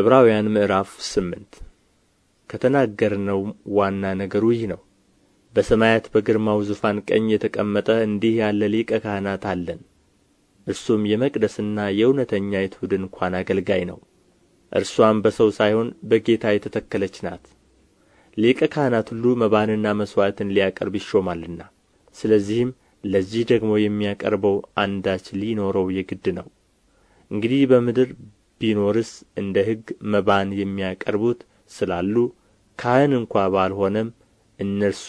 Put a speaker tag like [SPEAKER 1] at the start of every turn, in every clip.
[SPEAKER 1] ዕብራውያን ምዕራፍ ስምንት ከተናገርነው ዋና ነገሩ ይህ ነው በሰማያት በግርማው ዙፋን ቀኝ የተቀመጠ እንዲህ ያለ ሊቀ ካህናት አለን እርሱም የመቅደስና የእውነተኛ የእውነተኛይቱ ድንኳን አገልጋይ ነው እርሷም በሰው ሳይሆን በጌታ የተተከለች ናት ሊቀ ካህናት ሁሉ መባንና መሥዋዕትን ሊያቀርብ ይሾማልና ስለዚህም ለዚህ ደግሞ የሚያቀርበው አንዳች ሊኖረው የግድ ነው እንግዲህ በምድር ቢኖርስ እንደ ሕግ መባን የሚያቀርቡት ስላሉ ካህን እንኳ ባልሆነም እነርሱ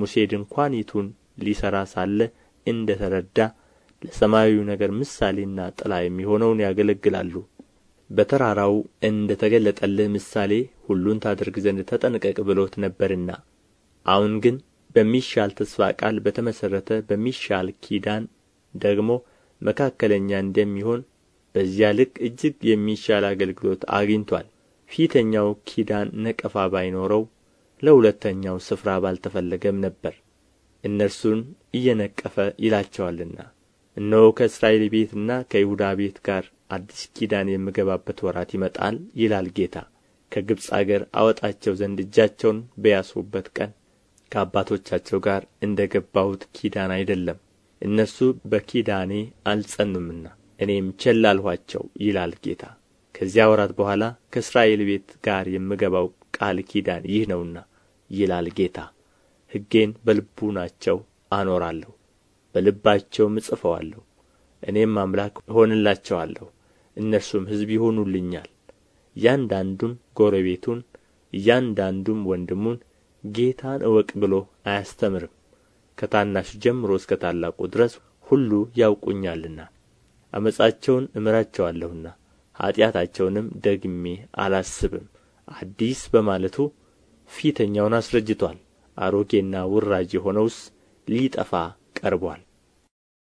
[SPEAKER 1] ሙሴ ድንኳኒቱን ሊሠራ ሳለ እንደ ተረዳ ለሰማያዊው ነገር ምሳሌና ጥላ የሚሆነውን ያገለግላሉ በተራራው እንደ ተገለጠልህ ምሳሌ ሁሉን ታደርግ ዘንድ ተጠንቀቅ ብሎት ነበርና አሁን ግን በሚሻል ተስፋ ቃል በተመሠረተ በሚሻል ኪዳን ደግሞ መካከለኛ እንደሚሆን በዚያ ልክ እጅግ የሚሻል አገልግሎት አግኝቶአል ፊተኛው ኪዳን ነቀፋ ባይኖረው ለሁለተኛው ስፍራ ባልተፈለገም ነበር እነርሱን እየነቀፈ ይላቸዋልና እነሆ ከእስራኤል ቤትና ከይሁዳ ቤት ጋር አዲስ ኪዳን የምገባበት ወራት ይመጣል ይላል ጌታ ከግብፅ አገር አወጣቸው ዘንድ እጃቸውን በያስሁበት ቀን ከአባቶቻቸው ጋር እንደ ገባሁት ኪዳን አይደለም እነርሱ በኪዳኔ አልጸኑምና እኔም ቸል አልኋቸው ይላል ጌታ ከዚያ ወራት በኋላ ከእስራኤል ቤት ጋር የምገባው ቃል ኪዳን ይህ ነውና ይላል ጌታ ሕጌን በልቡናቸው አኖራለሁ በልባቸውም እጽፈዋለሁ እኔም አምላክ እሆንላቸዋለሁ እነርሱም ሕዝብ ይሆኑልኛል እያንዳንዱም ጎረቤቱን እያንዳንዱም ወንድሙን ጌታን እወቅ ብሎ አያስተምርም ከታናሹ ጀምሮ እስከ ታላቁ ድረስ ሁሉ ያውቁኛልና ዓመፃቸውን እምራቸዋለሁና ኃጢአታቸውንም ደግሜ አላስብም አዲስ በማለቱ ፊተኛውን አስረጅቶአል አሮጌና ውራጅ የሆነውስ ሊጠፋ ቀርቦአል